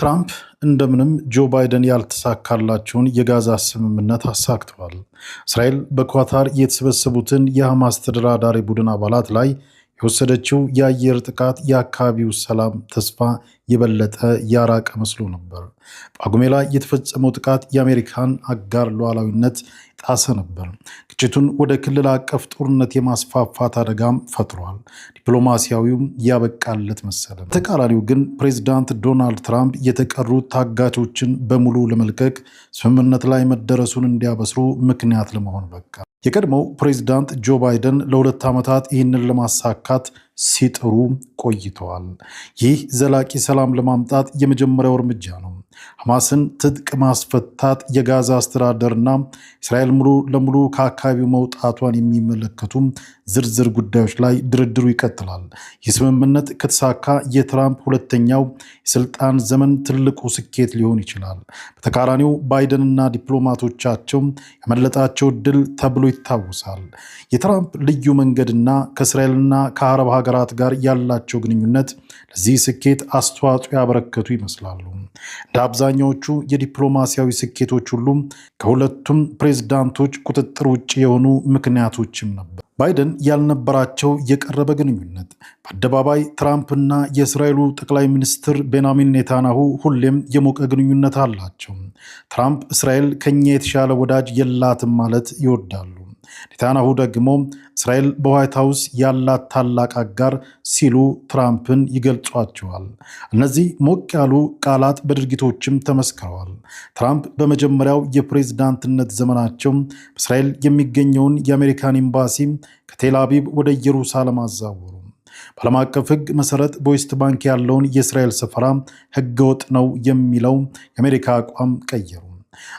ትራምፕ እንደምንም ጆ ባይደን ያልተሳካላቸውን የጋዛ ስምምነት አሳክተዋል። እስራኤል በኳታር የተሰበሰቡትን የሐማስ ተደራዳሪ ቡድን አባላት ላይ የወሰደችው የአየር ጥቃት የአካባቢው ሰላም ተስፋ የበለጠ ያራቀ መስሎ ነበር። በጳጉሜ ላይ የተፈጸመው ጥቃት የአሜሪካን አጋር ሉዓላዊነት ጣሰ ነበር። ግጭቱን ወደ ክልል አቀፍ ጦርነት የማስፋፋት አደጋም ፈጥሯል። ዲፕሎማሲያዊውም ያበቃለት መሰለ። በተቃራኒው ግን ፕሬዚዳንት ዶናልድ ትራምፕ የተቀሩ ታጋቾችን በሙሉ ለመልቀቅ ስምምነት ላይ መደረሱን እንዲያበስሩ ምክንያት ለመሆን በቃ። የቀድሞው ፕሬዚዳንት ጆ ባይደን ለሁለት ዓመታት ይህንን ለማሳካት ሲጥሩ ቆይተዋል። ይህ ዘላቂ ሰላም ለማምጣት የመጀመሪያው እርምጃ ነው። ሐማስን ትጥቅ ማስፈታት የጋዛ አስተዳደርና እስራኤል ሙሉ ለሙሉ ከአካባቢው መውጣቷን የሚመለከቱ ዝርዝር ጉዳዮች ላይ ድርድሩ ይቀጥላል። ይህ ስምምነት ከተሳካ የትራምፕ ሁለተኛው የስልጣን ዘመን ትልቁ ስኬት ሊሆን ይችላል። በተቃራኒው ባይደንና ዲፕሎማቶቻቸው ያመለጣቸው ድል ተብሎ ይታወሳል። የትራምፕ ልዩ መንገድና ከእስራኤልና ከአረብ ሀገራት ጋር ያላቸው ግንኙነት ለዚህ ስኬት አስተዋጽኦ ያበረከቱ ይመስላሉ። አብዛኛዎቹ የዲፕሎማሲያዊ ስኬቶች ሁሉም ከሁለቱም ፕሬዝዳንቶች ቁጥጥር ውጭ የሆኑ ምክንያቶችም ነበር። ባይደን ያልነበራቸው የቀረበ ግንኙነት በአደባባይ ትራምፕና የእስራኤሉ ጠቅላይ ሚኒስትር ቤንያሚን ኔታንያሁ ሁሌም የሞቀ ግንኙነት አላቸው። ትራምፕ እስራኤል ከኛ የተሻለ ወዳጅ የላትም ማለት ይወዳሉ። ኔታንያሁ ደግሞ እስራኤል በዋይት ሀውስ ያላት ታላቅ አጋር ሲሉ ትራምፕን ይገልጿቸዋል። እነዚህ ሞቅ ያሉ ቃላት በድርጊቶችም ተመስክረዋል። ትራምፕ በመጀመሪያው የፕሬዝዳንትነት ዘመናቸው በእስራኤል የሚገኘውን የአሜሪካን ኤምባሲ ከቴልአቪቭ ወደ ኢየሩሳሌም አዛወሩ። በዓለም አቀፍ ሕግ መሰረት በዌስት ባንክ ያለውን የእስራኤል ሰፈራ ሕገወጥ ነው የሚለው የአሜሪካ አቋም ቀየሩ።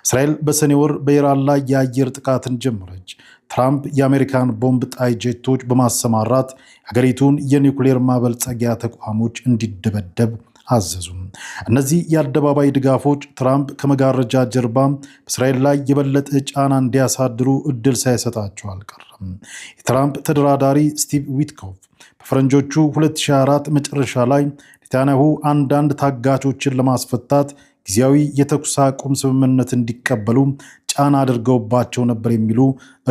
እስራኤል በሰኔ ወር በኢራን ላይ የአየር ጥቃትን ጀመረች። ትራምፕ የአሜሪካን ቦምብ ጣይ ጄቶች በማሰማራት ሀገሪቱን የኒውክሌር ማበልጸጊያ ተቋሞች እንዲደበደብ አዘዙ። እነዚህ የአደባባይ ድጋፎች ትራምፕ ከመጋረጃ ጀርባ በእስራኤል ላይ የበለጠ ጫና እንዲያሳድሩ እድል ሳይሰጣቸው አልቀረም። የትራምፕ ተደራዳሪ ስቲቭ ዊትኮፍ በፈረንጆቹ 2024 መጨረሻ ላይ ኔታንያሁ አንዳንድ ታጋቾችን ለማስፈታት ጊዜያዊ የተኩስ አቁም ስምምነት እንዲቀበሉ ጫና አድርገውባቸው ነበር የሚሉ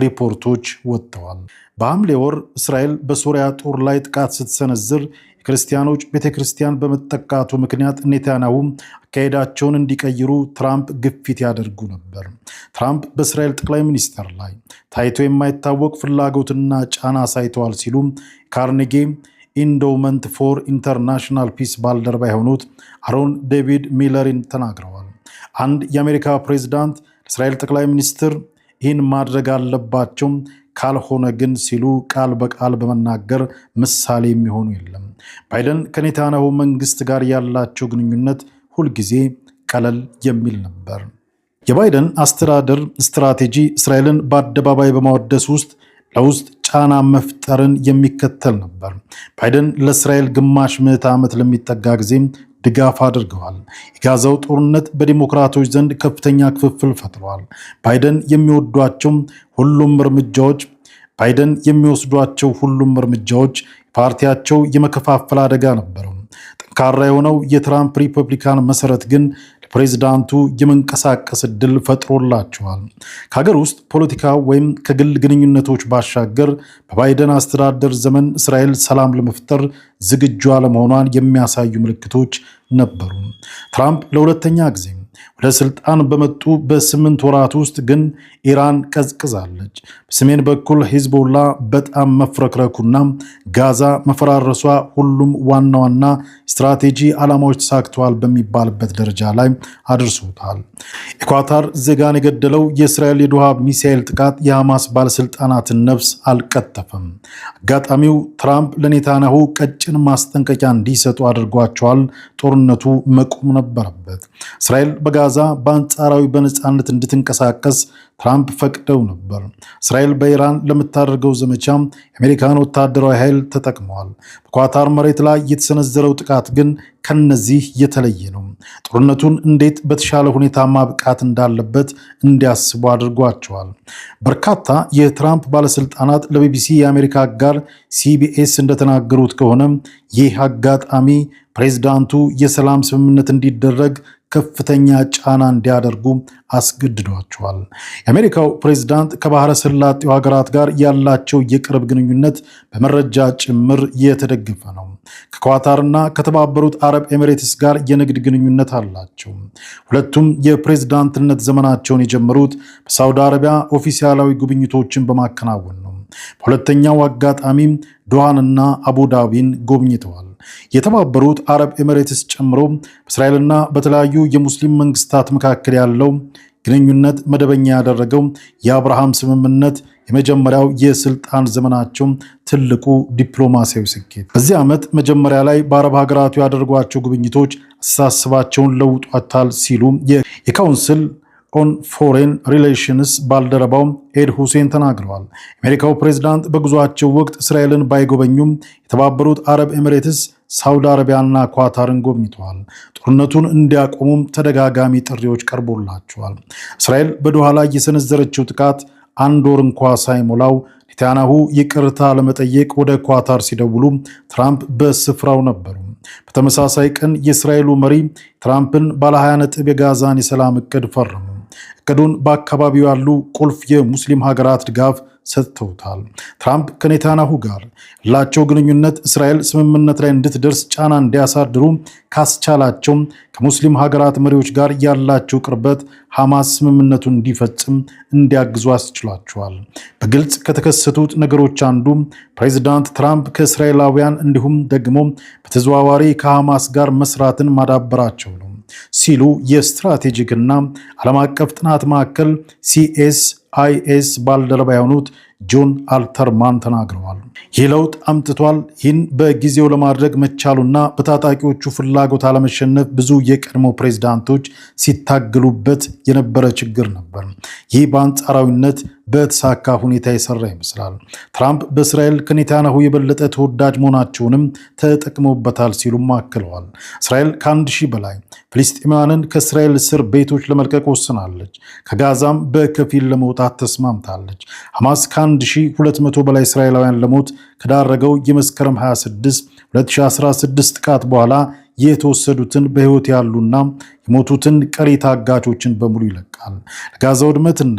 ሪፖርቶች ወጥተዋል። በሐምሌ ወር እስራኤል በሶሪያ ጦር ላይ ጥቃት ስትሰነዝር የክርስቲያኖች ቤተ ክርስቲያን በመጠቃቱ ምክንያት ኔታንያሁም አካሄዳቸውን እንዲቀይሩ ትራምፕ ግፊት ያደርጉ ነበር። ትራምፕ በእስራኤል ጠቅላይ ሚኒስትር ላይ ታይቶ የማይታወቅ ፍላጎትና ጫና አሳይተዋል ሲሉ ካርኔጌ ኢንዶመንት ፎር ኢንተርናሽናል ፒስ ባልደረባ የሆኑት አሮን ዴቪድ ሚለሪን ተናግረዋል። አንድ የአሜሪካ ፕሬዚዳንት እስራኤል ጠቅላይ ሚኒስትር ይህን ማድረግ አለባቸው ካልሆነ ግን ሲሉ ቃል በቃል በመናገር ምሳሌ የሚሆኑ የለም። ባይደን ከኔታንያሁ መንግስት ጋር ያላቸው ግንኙነት ሁልጊዜ ቀለል የሚል ነበር። የባይደን አስተዳደር ስትራቴጂ እስራኤልን በአደባባይ በማወደስ ውስጥ ለውስጥ ጫና መፍጠርን የሚከተል ነበር። ባይደን ለእስራኤል ግማሽ ምዕተ ዓመት ለሚጠጋ ጊዜ ድጋፍ አድርገዋል። የጋዛው ጦርነት በዲሞክራቶች ዘንድ ከፍተኛ ክፍፍል ፈጥሯል። ባይደን የሚወዷቸው ሁሉም እርምጃዎች ባይደን የሚወስዷቸው ሁሉም እርምጃዎች ፓርቲያቸው የመከፋፈል አደጋ ነበረው። ጠንካራ የሆነው የትራምፕ ሪፐብሊካን መሰረት ግን ፕሬዚዳንቱ የመንቀሳቀስ እድል ፈጥሮላቸዋል። ከሀገር ውስጥ ፖለቲካ ወይም ከግል ግንኙነቶች ባሻገር በባይደን አስተዳደር ዘመን እስራኤል ሰላም ለመፍጠር ዝግጁ አለመሆኗን የሚያሳዩ ምልክቶች ነበሩ። ትራምፕ ለሁለተኛ ጊዜ ወደ ስልጣን በመጡ በስምንት ወራት ውስጥ ግን ኢራን ቀዝቅዛለች። በሰሜን በኩል ሂዝቦላ በጣም መፍረክረኩና ጋዛ መፈራረሷ ሁሉም ዋና ዋና ስትራቴጂ ዓላማዎች ተሳክተዋል በሚባልበት ደረጃ ላይ አድርሶታል። የኳታር ዜጋን የገደለው የእስራኤል የዱሃ ሚሳኤል ጥቃት የሐማስ ባለስልጣናትን ነፍስ አልቀጠፈም። አጋጣሚው ትራምፕ ለኔታንያሁ ቀጭን ማስጠንቀቂያ እንዲሰጡ አድርጓቸዋል። ጦርነቱ መቆም ነበረበት። እስራኤል በጋ ጋዛ በአንጻራዊ በነፃነት እንድትንቀሳቀስ ትራምፕ ፈቅደው ነበር። እስራኤል በኢራን ለምታደርገው ዘመቻ የአሜሪካን ወታደራዊ ኃይል ተጠቅመዋል። በኳታር መሬት ላይ የተሰነዘረው ጥቃት ግን ከነዚህ የተለየ ነው። ጦርነቱን እንዴት በተሻለ ሁኔታ ማብቃት እንዳለበት እንዲያስቡ አድርጓቸዋል። በርካታ የትራምፕ ባለስልጣናት ለቢቢሲ የአሜሪካ አጋር ሲቢኤስ እንደተናገሩት ከሆነ ይህ አጋጣሚ ፕሬዝዳንቱ የሰላም ስምምነት እንዲደረግ ከፍተኛ ጫና እንዲያደርጉ አስገድዷቸዋል። የአሜሪካው ፕሬዝዳንት ከባህረ ስላጤው ሀገራት ጋር ያላቸው የቅርብ ግንኙነት በመረጃ ጭምር የተደገፈ ነው። ከኳታርና ከተባበሩት አረብ ኤሚሬትስ ጋር የንግድ ግንኙነት አላቸው። ሁለቱም የፕሬዝዳንትነት ዘመናቸውን የጀመሩት በሳውዲ አረቢያ ኦፊሲያላዊ ጉብኝቶችን በማከናወን ነው። በሁለተኛው አጋጣሚም ዶሃንና አቡዳቢን ጎብኝተዋል። የተባበሩት አረብ ኤምሬትስ ጨምሮ በእስራኤልና በተለያዩ የሙስሊም መንግስታት መካከል ያለው ግንኙነት መደበኛ ያደረገው የአብርሃም ስምምነት የመጀመሪያው የስልጣን ዘመናቸው ትልቁ ዲፕሎማሲያዊ ስኬት። በዚህ ዓመት መጀመሪያ ላይ በአረብ ሀገራቱ ያደርጓቸው ጉብኝቶች አስተሳሰባቸውን ለውጧታል ሲሉ የካውንስል ኦን ፎሬን ሪሌሽንስ ባልደረባው ኤድ ሁሴን ተናግረዋል። የአሜሪካው ፕሬዝዳንት በጉዟቸው ወቅት እስራኤልን ባይጎበኙም የተባበሩት አረብ ኤምሬትስ፣ ሳውዲ አረቢያና ኳታርን ጎብኝተዋል። ጦርነቱን እንዲያቆሙም ተደጋጋሚ ጥሪዎች ቀርቦላቸዋል። እስራኤል በዶሃ ላይ የሰነዘረችው ጥቃት አንድ ወር እንኳ ሳይሞላው ኔታንያሁ ይቅርታ ለመጠየቅ ወደ ኳታር ሲደውሉ ትራምፕ በስፍራው ነበሩ። በተመሳሳይ ቀን የእስራኤሉ መሪ ትራምፕን ባለ 20 ነጥብ የጋዛን የሰላም እቅድ ፈረሙ። እቅዱን በአካባቢው ያሉ ቁልፍ የሙስሊም ሀገራት ድጋፍ ሰጥተውታል። ትራምፕ ከኔታናሁ ጋር ያላቸው ግንኙነት እስራኤል ስምምነት ላይ እንድትደርስ ጫና እንዲያሳድሩ ካስቻላቸው ከሙስሊም ሀገራት መሪዎች ጋር ያላቸው ቅርበት ሐማስ ስምምነቱን እንዲፈጽም እንዲያግዙ አስችሏቸዋል። በግልጽ ከተከሰቱት ነገሮች አንዱ ፕሬዚዳንት ትራምፕ ከእስራኤላውያን እንዲሁም ደግሞ በተዘዋዋሪ ከሐማስ ጋር መስራትን ማዳበራቸው ነው። ሲሉ የስትራቴጂክና ዓለም አቀፍ ጥናት ማዕከል ሲኤስ አይኤስ ባልደረባ የሆኑት ጆን አልተርማን ተናግረዋል። ይህ ለውጥ አምጥቷል። ይህን በጊዜው ለማድረግ መቻሉና በታጣቂዎቹ ፍላጎት አለመሸነፍ ብዙ የቀድሞ ፕሬዝዳንቶች ሲታገሉበት የነበረ ችግር ነበር። ይህ በአንጻራዊነት በተሳካ ሁኔታ የሰራ ይመስላል። ትራምፕ በእስራኤል ከኔታንያሁ የበለጠ ተወዳጅ መሆናቸውንም ተጠቅሞበታል ሲሉም አክለዋል። እስራኤል ከአንድ ሺህ በላይ ፍልስጤማውያንን ከእስራኤል እስር ቤቶች ለመልቀቅ ወስናለች። ከጋዛም በከፊል ለመውጣት ተስማምታለች። ሐማስ ከ1200 በላይ እስራኤላውያን ለሞት ከዳረገው የመስከረም 26 2016 ጥቃት በኋላ የተወሰዱትን በሕይወት ያሉና የሞቱትን ቀሪ ታጋቾችን በሙሉ ይለቃል። ለጋዛ ውድመትና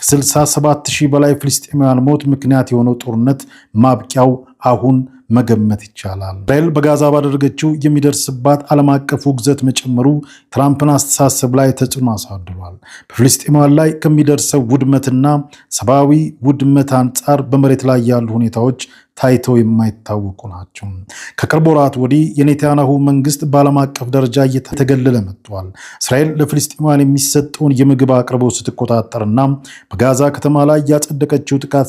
ከ67 ሺህ በላይ ፍልስጤማውያን ሞት ምክንያት የሆነው ጦርነት ማብቂያው አሁን መገመት ይቻላል። እስራኤል በጋዛ ባደረገችው የሚደርስባት ዓለም አቀፉ ውግዘት መጨመሩ ትራምፕን አስተሳሰብ ላይ ተጽዕኖ አሳድሯል። በፍልስጤማውያን ላይ ከሚደርሰው ውድመትና ሰብአዊ ውድመት አንጻር በመሬት ላይ ያሉ ሁኔታዎች ታይተው የማይታወቁ ናቸው። ከቅርብ ወራት ወዲህ የኔታንያሁ መንግስት በዓለም አቀፍ ደረጃ እየተገለለ መጥቷል። እስራኤል ለፍልስጤማውያን የሚሰጠውን የምግብ አቅርቦት ስትቆጣጠርና በጋዛ ከተማ ላይ ያጸደቀችው ጥቃት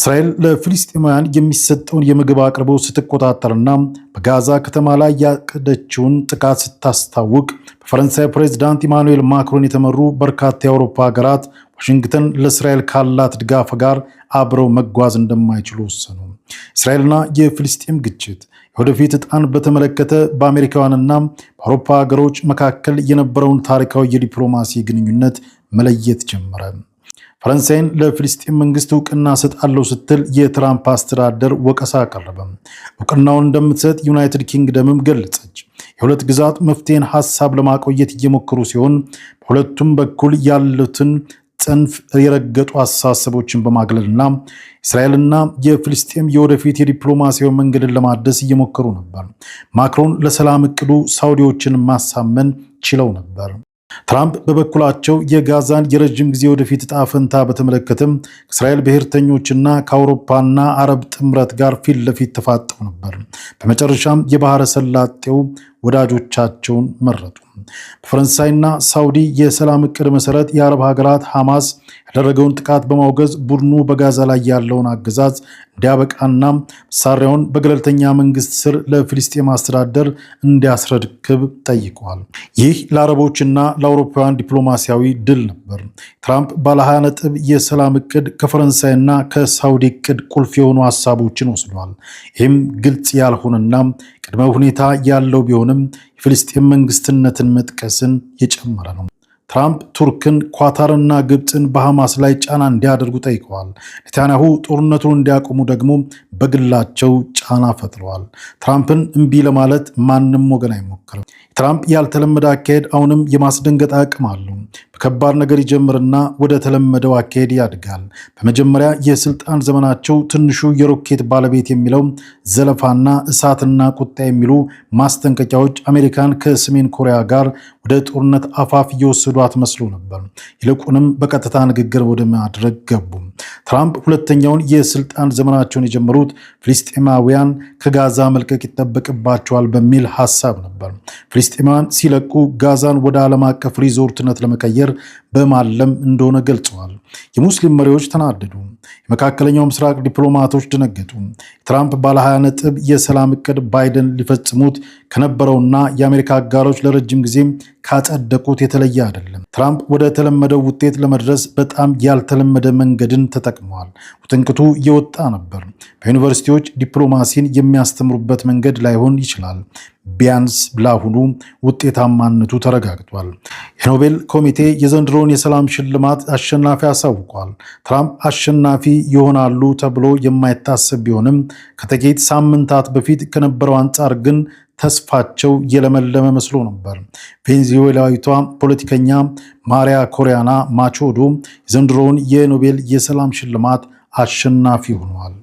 እስራኤል ለፊልስጤማውያን የሚሰጠውን የምግብ አቅርቦት ስትቆጣጠርና በጋዛ ከተማ ላይ ያቀደችውን ጥቃት ስታስታውቅ በፈረንሳይ ፕሬዚዳንት ኢማኑኤል ማክሮን የተመሩ በርካታ የአውሮፓ ሀገራት ዋሽንግተን ለእስራኤል ካላት ድጋፍ ጋር አብረው መጓዝ እንደማይችሉ ወሰኑ። እስራኤልና የፊልስጤም ግጭት የወደፊት እጣን በተመለከተ በአሜሪካውያንና በአውሮፓ ሀገሮች መካከል የነበረውን ታሪካዊ የዲፕሎማሲ ግንኙነት መለየት ጀመረ። ፈረንሳይን ለፊልስጢን መንግስት እውቅና ሰጣለው ስትል የትራምፕ አስተዳደር ወቀሳ አቀረበም። እውቅናውን እንደምትሰጥ ዩናይትድ ኪንግደምም ገለጸች። የሁለት ግዛት መፍትሄን ሀሳብ ለማቆየት እየሞከሩ ሲሆን በሁለቱም በኩል ያሉትን ጽንፍ የረገጡ አስተሳሰቦችን በማግለልና እስራኤልና የፍልስጤም የወደፊት የዲፕሎማሲያዊ መንገድን ለማደስ እየሞከሩ ነበር። ማክሮን ለሰላም እቅዱ ሳውዲዎችን ማሳመን ችለው ነበር። ትራምፕ በበኩላቸው የጋዛን የረዥም ጊዜ ወደፊት ዕጣ ፈንታ በተመለከተም ከእስራኤል ብሔርተኞችና ከአውሮፓና አረብ ጥምረት ጋር ፊት ለፊት ተፋጠው ነበር። በመጨረሻም የባህረ ሰላጤው ወዳጆቻቸውን መረጡ። በፈረንሳይና ሳውዲ የሰላም እቅድ መሰረት የአረብ ሀገራት ሐማስ ያደረገውን ጥቃት በማውገዝ ቡድኑ በጋዛ ላይ ያለውን አገዛዝ እንዲያበቃና መሳሪያውን በገለልተኛ መንግስት ስር ለፊልስጤም አስተዳደር እንዲያስረክብ ጠይቋል። ይህ ለአረቦችና ለአውሮፓውያን ዲፕሎማሲያዊ ድል ነበር። ትራምፕ ባለ 20 ነጥብ የሰላም እቅድ ከፈረንሳይና ከሳውዲ እቅድ ቁልፍ የሆኑ ሀሳቦችን ወስዷል። ይህም ግልጽ ያልሆነና ቅድመ ሁኔታ ያለው ቢሆን ያለውንም የፍልስጤም መንግስትነትን መጥቀስን የጨመረ ነው። ትራምፕ ቱርክን፣ ኳታርና ግብፅን በሐማስ ላይ ጫና እንዲያደርጉ ጠይቀዋል። ኔታንያሁ ጦርነቱን እንዲያቆሙ ደግሞ በግላቸው ጫና ፈጥረዋል። ትራምፕን እምቢ ለማለት ማንም ወገን አይሞክርም። ትራምፕ ያልተለመደ አካሄድ አሁንም የማስደንገጥ አቅም አለው። ከባድ ነገር ይጀምርና ወደ ተለመደው አካሄድ ያድጋል። በመጀመሪያ የስልጣን ዘመናቸው ትንሹ የሮኬት ባለቤት የሚለው ዘለፋና እሳትና ቁጣ የሚሉ ማስጠንቀቂያዎች አሜሪካን ከሰሜን ኮሪያ ጋር ወደ ጦርነት አፋፍ እየወሰዷት መስሎ ነበር። ይልቁንም በቀጥታ ንግግር ወደ ማድረግ ገቡ። ትራምፕ ሁለተኛውን የስልጣን ዘመናቸውን የጀመሩት ፍልስጤማውያን ከጋዛ መልቀቅ ይጠበቅባቸዋል በሚል ሀሳብ ነበር። ፍልስጤማውያን ሲለቁ ጋዛን ወደ ዓለም አቀፍ ሪዞርትነት ለመቀየር በማለም እንደሆነ ገልጸዋል። የሙስሊም መሪዎች ተናደዱ። የመካከለኛው ምስራቅ ዲፕሎማቶች ደነገጡ። የትራምፕ ባለ 20 ነጥብ የሰላም እቅድ ባይደን ሊፈጽሙት ከነበረውና የአሜሪካ አጋሮች ለረጅም ጊዜም ካጸደቁት የተለየ አይደለም። ትራምፕ ወደ ተለመደው ውጤት ለመድረስ በጣም ያልተለመደ መንገድን ተጠቅ ተጠቅመዋል። ውጥንቅቱ እየወጣ ነበር። በዩኒቨርሲቲዎች ዲፕሎማሲን የሚያስተምሩበት መንገድ ላይሆን ይችላል። ቢያንስ ለአሁኑ ውጤታማነቱ ተረጋግጧል። የኖቤል ኮሚቴ የዘንድሮውን የሰላም ሽልማት አሸናፊ አሳውቋል። ትራምፕ አሸናፊ ይሆናሉ ተብሎ የማይታሰብ ቢሆንም ከጥቂት ሳምንታት በፊት ከነበረው አንጻር ግን ተስፋቸው የለመለመ መስሎ ነበር። ቬንዙዌላዊቷ ፖለቲከኛ ማሪያ ኮሪያና ማቾዶ የዘንድሮውን የኖቤል የሰላም ሽልማት አሸናፊ ሆነዋል።